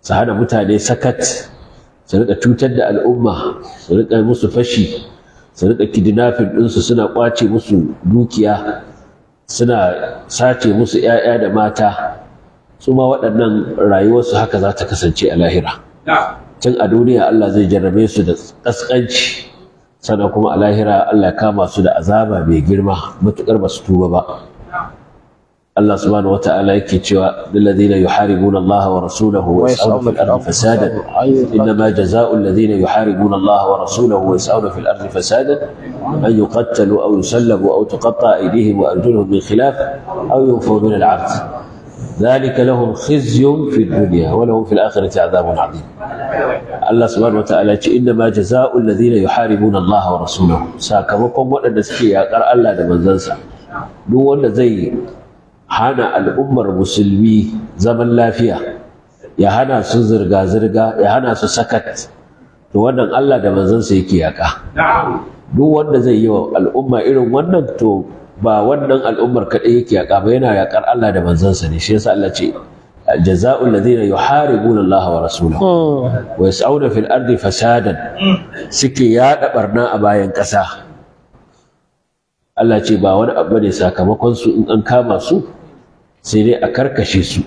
su hana mutane sakat su rika cutar da al'umma su rika musu fashi su rika kidnapping ɗinsu suna ƙwace musu dukiya suna sace musu 'ya'ya da mata su ma waɗannan rayuwarsu haka za ta kasance a lahira tun a duniya Allah zai jarrabe su da ƙasƙanci sannan kuma a lahira Allah kama su da azaba mai girma matuƙar ba su tuba ba الله سبحانه وتعالى يكتوى للذين يحاربون الله ورسوله ويسعون في الأرض فسادا إنما جزاء الذين يحاربون الله ورسوله ويسعون في الأرض فسادا أن يقتلوا أو يسلبوا أو تقطع أيديهم وأرجلهم من خلاف أو ينفوا من العرض ذلك لهم خزي في الدنيا ولهم في الآخرة عذاب عظيم الله سبحانه وتعالى إنما جزاء الذين يحاربون الله ورسوله ساكمكم وأن نسكي قرأ الله لمن زنسا دون زي hana al'ummar musulmi zaman lafiya ya hana su zirga-zirga ya hana su sakat to wannan Allah da manzansa yake yaka duk wanda zai yi wa al'umma irin wannan to ba wannan al'ummar kaɗai yake yaka ba yana yakar Allah da manzansa ne shi yasa Allah ce جزاء الذين يحاربون الله ورسوله ويسعون في fasadan hmm. suke سكيا a bayan كسا Allah ce ba wani abu ne sakamakon su in an kama su sai dai a karkashe su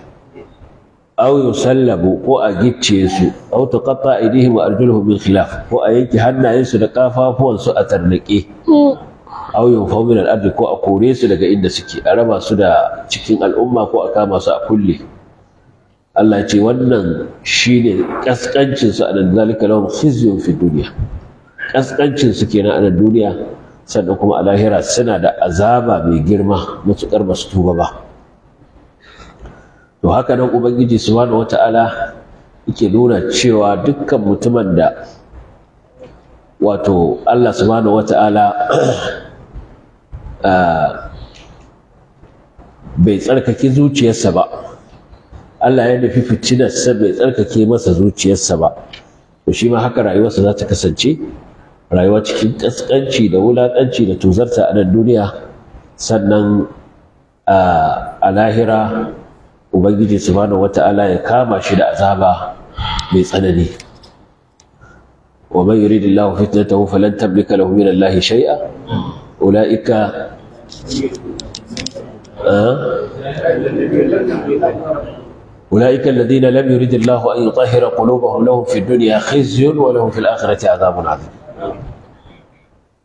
aw yusallabu ko a gicce su aw tuqatta aydihim wa arjuluhum bil khilaf ko a yanke hannayensu da kafafuwansu a tarnake aw yunfaw al ko a kore su daga inda suke a raba su da cikin al'umma ko a kama su a kulle Allah ce wannan shine kaskancin su a nan zalika lahum khizyun fi dunya kaskancin su kenan a duniya sannan kuma a lahira suna da azaba mai girma matukar basu tuba ba to haka nan ubangiji subhanahu wata'ala yake nuna cewa dukkan mutumin da wato Allah subhanahu wata'ala ah, bai tsarkake zuciyarsa ba Allah ya nufi fitinarsa bai tsarkake masa zuciyarsa ba to shi ma haka rayuwarsa za ta kasance rayuwa cikin ƙasƙanci da wulaƙanci da tuzarta a nan duniya sannan ah, a lahira ubangiji subhanahu wata'ala ya kama shi da azaba mai tsanani wa man yuridillahu fitnatahu falan tamlika lahu min Allah shay'a ulaika أولئك الذين لم يرد الله أن يطهر قلوبهم لهم في الدنيا خزي ولهم في الآخرة عذاب عظيم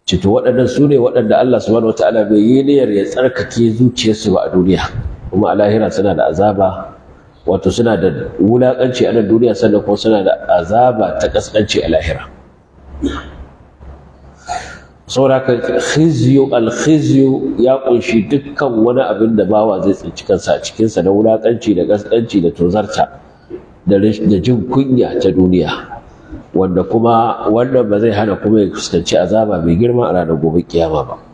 cito waɗannan su waɗanda Allah subhanahu wa ta'ala bai yi niyyar ya tsarkake zuciyarsu ba a duniya kuma a lahira suna da azaba wato suna da wulaƙanci a nan duniya sannan kuma suna da azaba ta ƙasƙanci a lahira sauraka khizyu khizyu ya kunshi dukkan wani abin da bawa zai tsinci kansa a cikinsa na wulaƙanci da ƙasƙanci da tozarta da jin kunya ta duniya wanda kuma wannan ba zai hana kuma ya fuskanci azaba mai girma a ranar gobe kiyama ba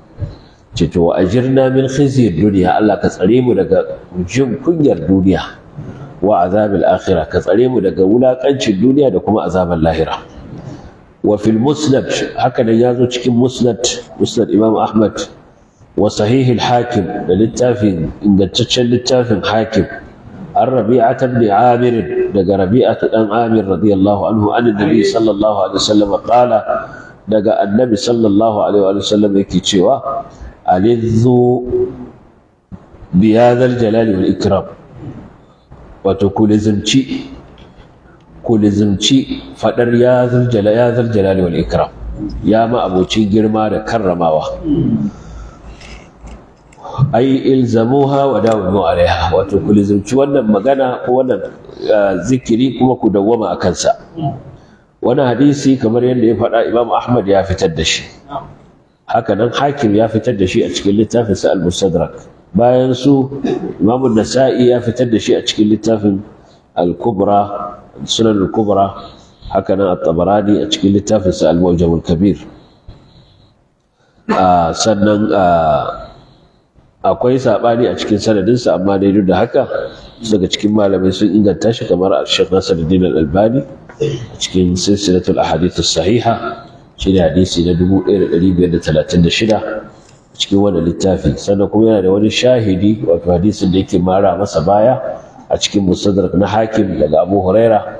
ce to ajirna min khizyid duniya Allah ka tsare mu daga jin kunyar duniya wa azabil akhirah ka tsare mu daga wulakancin duniya da kuma azabar lahira wa fil musnad haka nan yazo cikin musnad musnad Imam Ahmad wa sahih al hakim da littafin ingantaccen littafin hakim an rabi'ata ibn amir daga rabi'ata dan amir radiyallahu anhu an nabi sallallahu alaihi wasallam qala daga annabi sallallahu alaihi wasallam yake cewa alizu biyazal jalali wal ikram wato ku lizimci ku lizimci fadar yazal jalali yazal jalali wal ikram ya ma abocin girma da karramawa ai ilzamuha wa dawamu alaiha wato ku wannan magana ko wannan zikiri kuma ku dawwama akan sa wannan hadisi kamar yadda ya faɗa Imam Ahmad ya fitar da shi haka nan hakim ya fitar da shi a cikin littafin al-mustadrak bayan su imam nasa'i ya fitar da shi a cikin littafin al-kubra sunan al-kubra haka nan at-tabarani a cikin littafin sa al-mawjam al-kabir ah, sannan ah, akwai saɓani a cikin sanadinsa amma dai duk da haka daga cikin malamai sun inganta shi kamar a shek nasiruddin al-albani a cikin silsilatul ahadithus sahiha shine hadisi na 1536 cikin wani littafi sannan kuma yana da wani shahidi wato hadisin da yake mara masa baya a cikin musadar na hakim daga abu huraira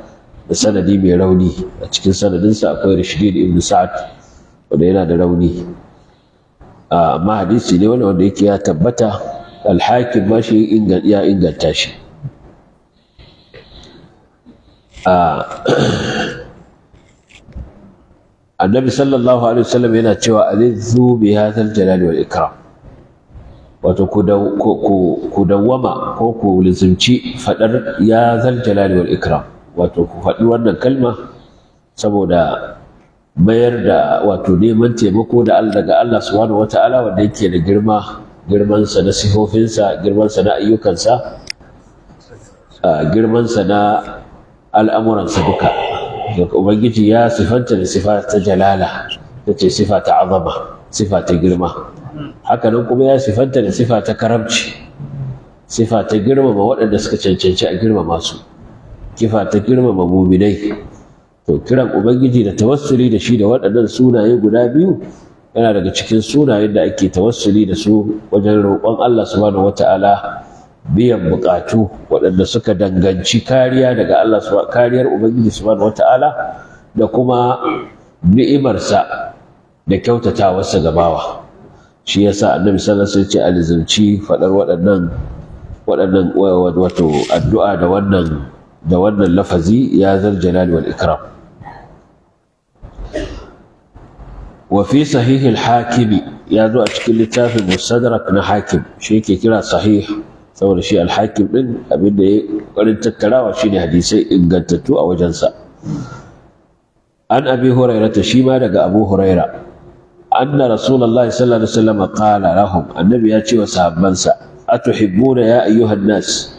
da sanadi mai rauni a cikin sanadinsa akwai rashidin ibn sa'ad wanda yana da rauni amma hadisi ne wanda wanda yake ya tabbata alhakim ma shi ya inganta shi annabi sallallahu alaihi wasallam yana cewa alizzu bi hadhal jalali wal ikram wato ku da dawwama ko ku lizimci fadar ya zal jalali wal ikram wato ku faɗi wannan kalma saboda mayar da wato neman taimako da Allah daga Allah subhanahu wata'ala wanda yake da girma girmansa na sifofinsa girmansa na ayyukansa girmansa na al'amuransa duka ubangiji ya sifanta da sifa ta jalala ta ce sifa ta azama sifa ta girma haka kuma ya sifanta da sifa ta karamci sifa ta girmama waɗanda suka cancanci a girmama su kifa ta girmama mubinai to kiran ubangiji da tawassuli da shi da waɗannan sunaye guda biyu yana daga cikin sunayen da ake tawassuli da su wajen roƙon Allah subhanahu wata'ala biyan bukatu waɗanda suka danganci kariya daga Allah su kariyar Ubangiji subhanahu wata'ala da kuma ni'imarsa da kyautatawarsa ga bawa shi yasa annabi sallallahu alaihi wasallam ce alizumci faɗar waɗannan waɗannan wato addu'a da wannan da wannan lafazi ya zal jalal wal ikram wa fi sahih al hakimi ya zo a cikin littafin mustadrak na hakim shi yake kira sahih saboda shi alhakim din abinda ya ƙwarin tattarawa shine hadisai ingantattu a wajensa an abi huraira ta shi ma daga abu huraira anna rasulullahi sallallahu alaihi wasallam qala lahum annabi ya ce wa sahabbansa atuhibbuna ya ayyuhan nas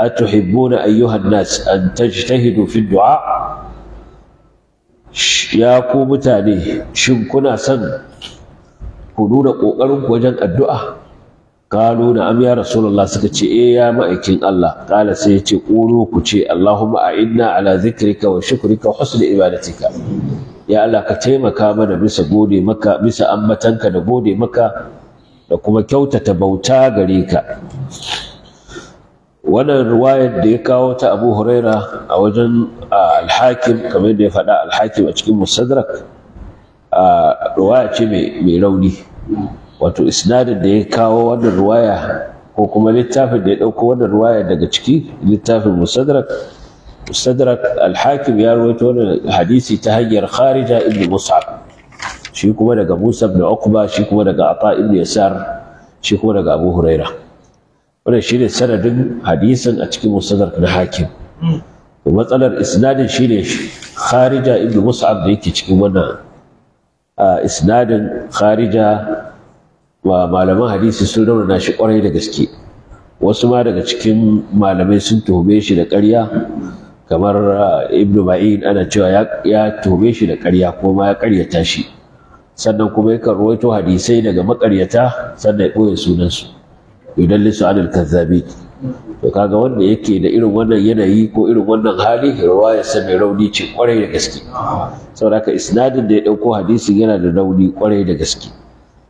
atuhibbuna ayyuhan nas an tajtahidu fi du'a ya ku mutane shin kuna son ku nuna ƙoƙarinku wajen addu'a kalu na am ya rasulullah suka ce e ya ma'aikin Allah kala sai ya ce qulu ku ce Allahumma a'inna ala zikrika wa shukrika ka husni ibadatika ya Allah ka taimaka mana bisa gode maka bisa ambatanka da gode maka da kuma kyautata bauta gare ka wannan riwayar da ya kawo ta Abu Huraira a wajen alhakim kamar da ya faɗa alhakim a cikin Musadrak a riwaya ce mai rauni wato isnadin da ya kawo wannan ruwaya ko kuma littafin da ya ɗauko wannan ruwaya daga ciki littafin musadrak musadrak alhakim ya rawaito wannan hadisi ta hanyar kharija ibn mus'ab shi kuma daga musa ibn uqba shi kuma daga ata ibn yasar shi kuma daga abu huraira wannan shine sanadin hadisin a cikin musadrak na hakim matsalar isnadin shine kharija ibn mus'ab da yake cikin wannan isnadin kharija wa malaman hadisi sun raunana shi kwarai da gaske wasu ma daga cikin malamai sun tuhume shi da karya. kamar eh, ibnu ma'in ana cewa ya tuhume shi da karya, ko ma ya ƙaryata shi sannan kuma yakan to hadisai daga maƙaryata sannan ya ɓoye sunansu idan lissu anil kazzabi to kaga wanda yake da irin wannan yanayi ko irin wannan hali riwaya ya mai rauni ce kwarai da gaske saboda haka isnadin da ya ɗauko hadisin yana da rauni kwarai da gaske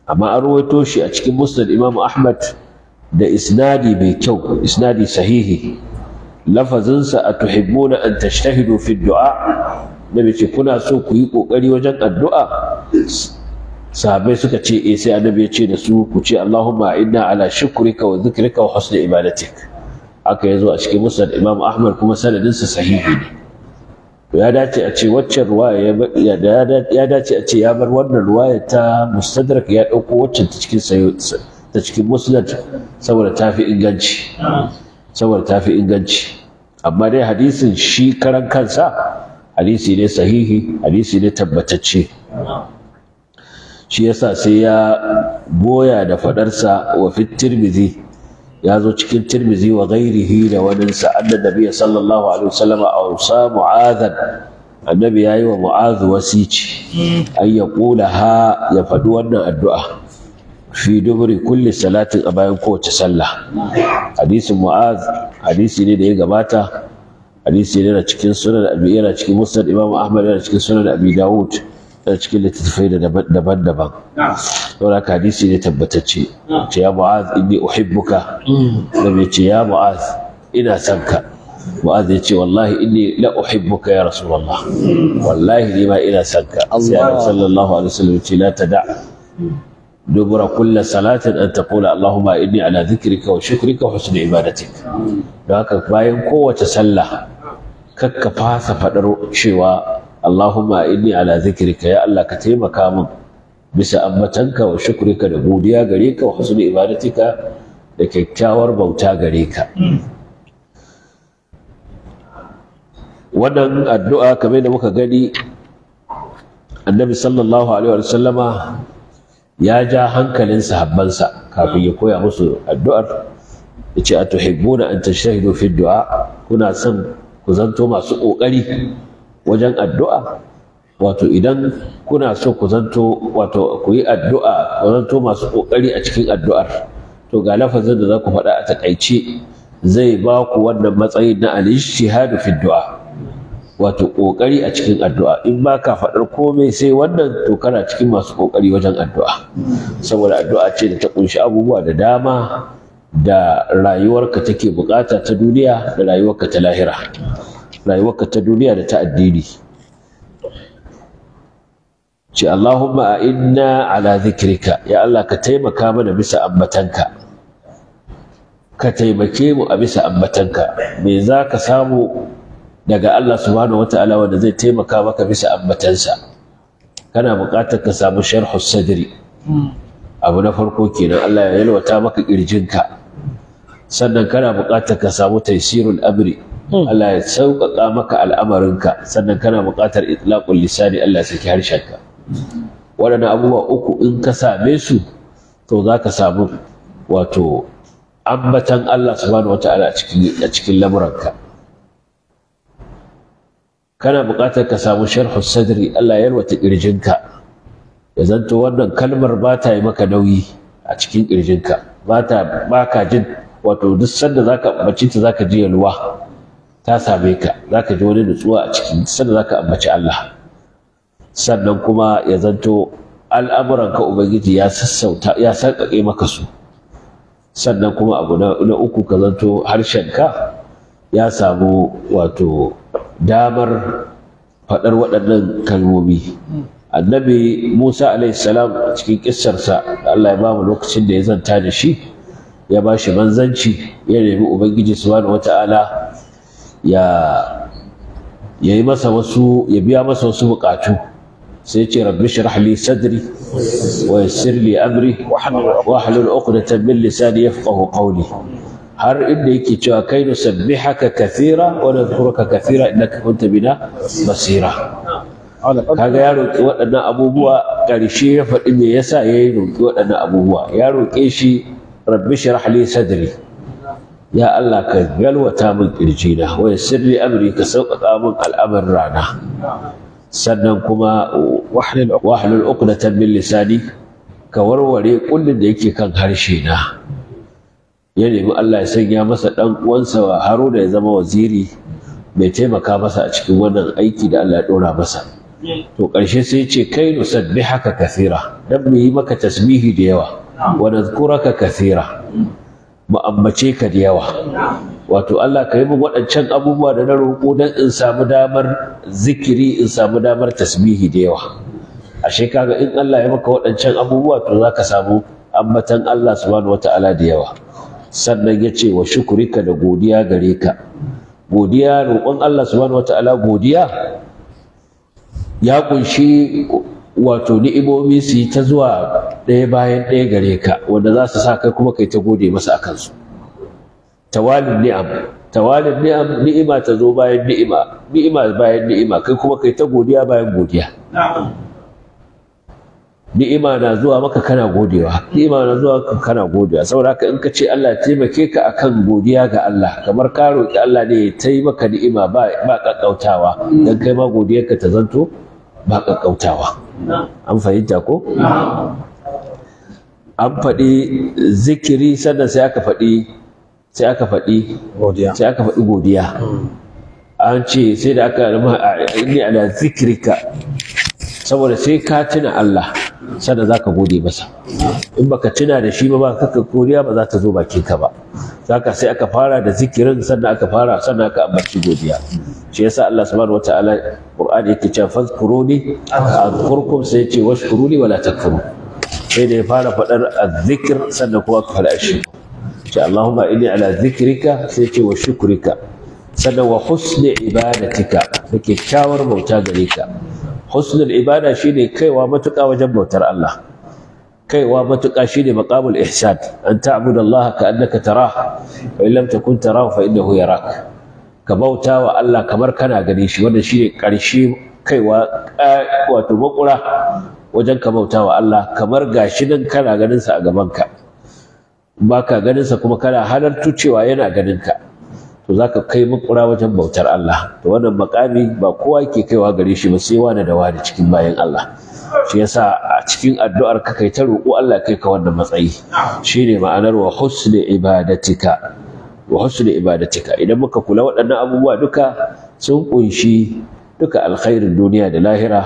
amma an ruwaito shi a cikin musnad imam ahmad da isnadi mai kyau isnadi sahihi lafazinsa a tuhibbuna an tashtahidu fi du'a nabi ce kuna so ku yi kokari wajen addu'a sahabbai suka ce eh sai annabi ya ce da su ku ce Allahumma inna ala shukrika wa dhikrika wa husni ibadatik aka yazo a cikin musnad imam ahmad kuma sanadinsa sahihi ne ya dace a ce ya dace a ce ya bar wannan ruwaya ta mustadrak ya ɗauko waccan ta cikin ta saboda ta fi inganci saboda ta fi inganci amma dai hadisin shi karan kansa hadisi ne sahihi hadisi ne tabbatacce shi yasa sai ya boya da fadarsa wa fit tirmidhi ya zo cikin tirmizi wa ghairihi da waninsa annan nabi sallallahu alaihi wasallam ausa mu'adhan annabi yi wa mu'adhu wasici an ya kula ha ya faɗi wannan addu'a fi dubri kulli salatin a bayan kowace sallah hadisin mu'adh hadisi ne da ya gabata hadisi ne yana cikin sunan abi yana cikin musnad imam ahmad yana cikin sunan abi dawud cikin littattafai da daban-daban saboda ka hadisi ne tabbatacce ce ya mu'az inni uhibbuka mm. nabi ce ya mu'az ina son ka mu'az ya ce wallahi inni la uhibbuka ya rasulullah mm. wallahi ni ma ina son ka sai sallallahu alaihi wasallam ce la tada mm. dubura kulla salatin an taqula allahumma inni ala dhikrika wa shukrika wa husni ibadatik don haka bayan kowace sallah kakka fasa faɗar cewa Allahumma inni ala zikrika ya Allah ka taimaka min bisa ambatanka wa shukrika da godiya gare ka wa husni ibadatika da kyakkyawar bauta gare ka wannan addu'a kamar da muka gani annabi sallallahu alaihi wa sallama ya ja hankalin sahabbansa kafin ya koya musu addu'ar yace atuhibbuna an tashhadu fi du'a kuna son ku zanto masu kokari wajen addu'a wato idan kuna so ku zanto wato ku yi addu'a ku zanto masu kokari a cikin addu'ar to ga lafazin da za ku faɗa a takaice zai ba ku wannan matsayi na al-ijtihadu fi du'a wato kokari a cikin addu'a in ba ka faɗar komai sai wannan to kana cikin masu kokari wajen addu'a saboda addu'a ce da ta kunshi abubuwa da dama da rayuwarka take bukata ta duniya da rayuwarka ta lahira rayuwarka ta duniya da ta addini ce Allahumma a inna ala zikirka, ya Allah ka taimaka mana bisa ambatanka ka taimake mu a bisa ambatanka me za ka samu daga Allah subhanahu wataala wanda zai taimaka maka bisa ambatansa kana buƙatar ka samu sharhu sadri abu na farko kenan Allah ya yalwata maka ka, sannan kana buƙatar ka samu taysirul amri Hmm. Allah ya sauƙaƙa maka al'amarinka sannan kana buƙatar itlaqul lisani Allah ya saki harshenka waɗannan abubuwa uku in ka same su to za ka samu wato ambatan Allah subhanahu wata'ala a cikin a cikin lamuranka kana buƙatar ka samu sharhu sadri Allah ya yalwata ƙirjinka ya zanto wannan kalmar ba ta yi maka nauyi a cikin ƙirjinka ba ta ba ka jin wato duk sanda zaka ambace ta zaka ji yalwa ta same ka za ka ji wani nutsuwa a ciki sannan za ka ambaci Allah sannan kuma ya zanto al'amuranka ubangiji ya sassauta ya sarƙaƙe maka su sannan kuma abu na uku ka zanto harshen ka ya samu wato damar faɗar waɗannan kalmomi annabi musa salam cikin ƙissarsa da allah ya bamu lokacin da ya zanta da shi ya ba shi manzanci ya nemi ubangiji subhanahu wata'ala ya yi masa wasu ya biya masa wasu bukatu sai ce rabbi li sadri wa yassir li amri wa hlul uqdatan min lisani yafqahu qawli har inda yake cewa kai nusabbihaka kathira wa nadhkuruka kathira innaka kunta bina basira kaga ya roƙi waɗannan abubuwa ƙarshe ya faɗi me yasa ya yi roƙi waɗannan abubuwa ya roƙe shi rabbi shrah li sadri ya Allah ka yalwata min na, wa sirri amri ka sauƙaƙa min al'amar rana sannan kuma wahalul uqdatan min lisani ka warware kullun da yake kan harshe na ya nemi Allah ya sanya masa dan uwansa Haruna ya zama waziri mai taimaka masa a cikin wannan aiki da Allah ya dora masa to ƙarshe sai ce kai nusabbihaka kathira dan mu yi maka tasbihi da yawa wa nadhkuraka kasira. mu ka da yawa wato Allah ka yi min waɗancan abubuwa da na roƙo don in samu damar zikiri in samu damar tasbihi da yawa ashe kaga in Allah ya maka waɗancan abubuwa to za ka samu ambatan Allah subhanahu wata'ala da yawa sannan ya ce wa shukurika da godiya gare ka godiya roƙon Allah subhanahu wata'ala godiya ya kunshi wato ni'imomi su yi ta zuwa ɗaya bayan ɗaya gare ka wanda za su sa kai kuma kai ta gode masa a kansu tawalin ni'am tawalin ni'am ni'ima ta zo bayan ni'ima ni'ima bayan ni'ima kai kuma kai ta godiya bayan godiya ni'ima na zuwa maka kana godewa ni'ima na zuwa maka kana godewa saboda haka in ka ce Allah ya taimake ka akan godiya ga Allah kamar ka roki Allah ne ya tai maka ni'ima ba ba kakkautawa dan kai ma godiyarka ta zanto ba kakkautawa an fahimta ko an faɗi zikiri sannan sai aka faɗi sai aka faɗi sai aka faɗi godiya an ce sai da aka rama inni ala zikrika saboda sai ka tuna Allah sada za ka gode masa in baka tuna da shi ba ba kaka koriya ba za ta zo bakin ka ba zaka sai aka fara da zikirin sannan aka fara sannan aka ambaci godiya shi yasa Allah subhanahu wataala Qur'ani yake cewa fazkuruni azkurkum sai yace washkuruni wala takfurun sai da ya fara faɗar azzikr sannan kuma ka fara shi ce Allahumma inni ala zikrika sai yace wa shukrika sannan wa husni ibadatika da kyakkyawar bauta gare ka husnul ibada shine kaiwa matuƙa wajen bautar Allah kaiwa matuƙa shine maqamul ihsan an ta'budu Allah ka annaka tarahu wa illam takun tarahu fa innahu yarak ka bauta Allah kamar kana gani shi wannan shine ƙarshe kaiwa wato makura wajen ka bauta wa Allah kamar gashi nan kana ganin sa a gaban ka baka ganin sa kuma kana halartu cewa yana ganin ka to za ka kai makura wajen bautar Allah to wannan makami ba kowa ke kaiwa gare shi ba sai wani da wani cikin bayan Allah shi yasa a cikin addu'ar ka kai ta roƙo Allah kai ka wannan matsayi shine ma'anar wa husni ibadatika wa husni ibadatika idan muka kula waɗannan abubuwa duka sun kunshi duka alkhairin duniya da lahira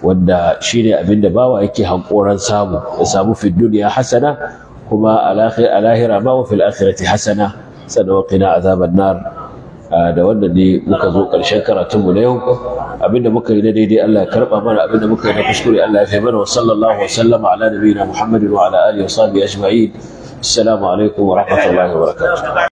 wanda shine abin da bawa yake hankoran samu ya samu fi duniya hasana kuma a lahira ma wa fil akhirati hasana sannan qina azaban nar ah, da wannan ne muka zo ƙarshen karatun mu na yau abinda muka yi na daidai Allah ya karba mana abinda muka yi na kuskure Allah ya fi mana wa sallallahu wa sallama ala nabiyina Muhammadin wa ala alihi wa sahbihi ajma'in assalamu alaikum wa rahmatullahi wa barakatuh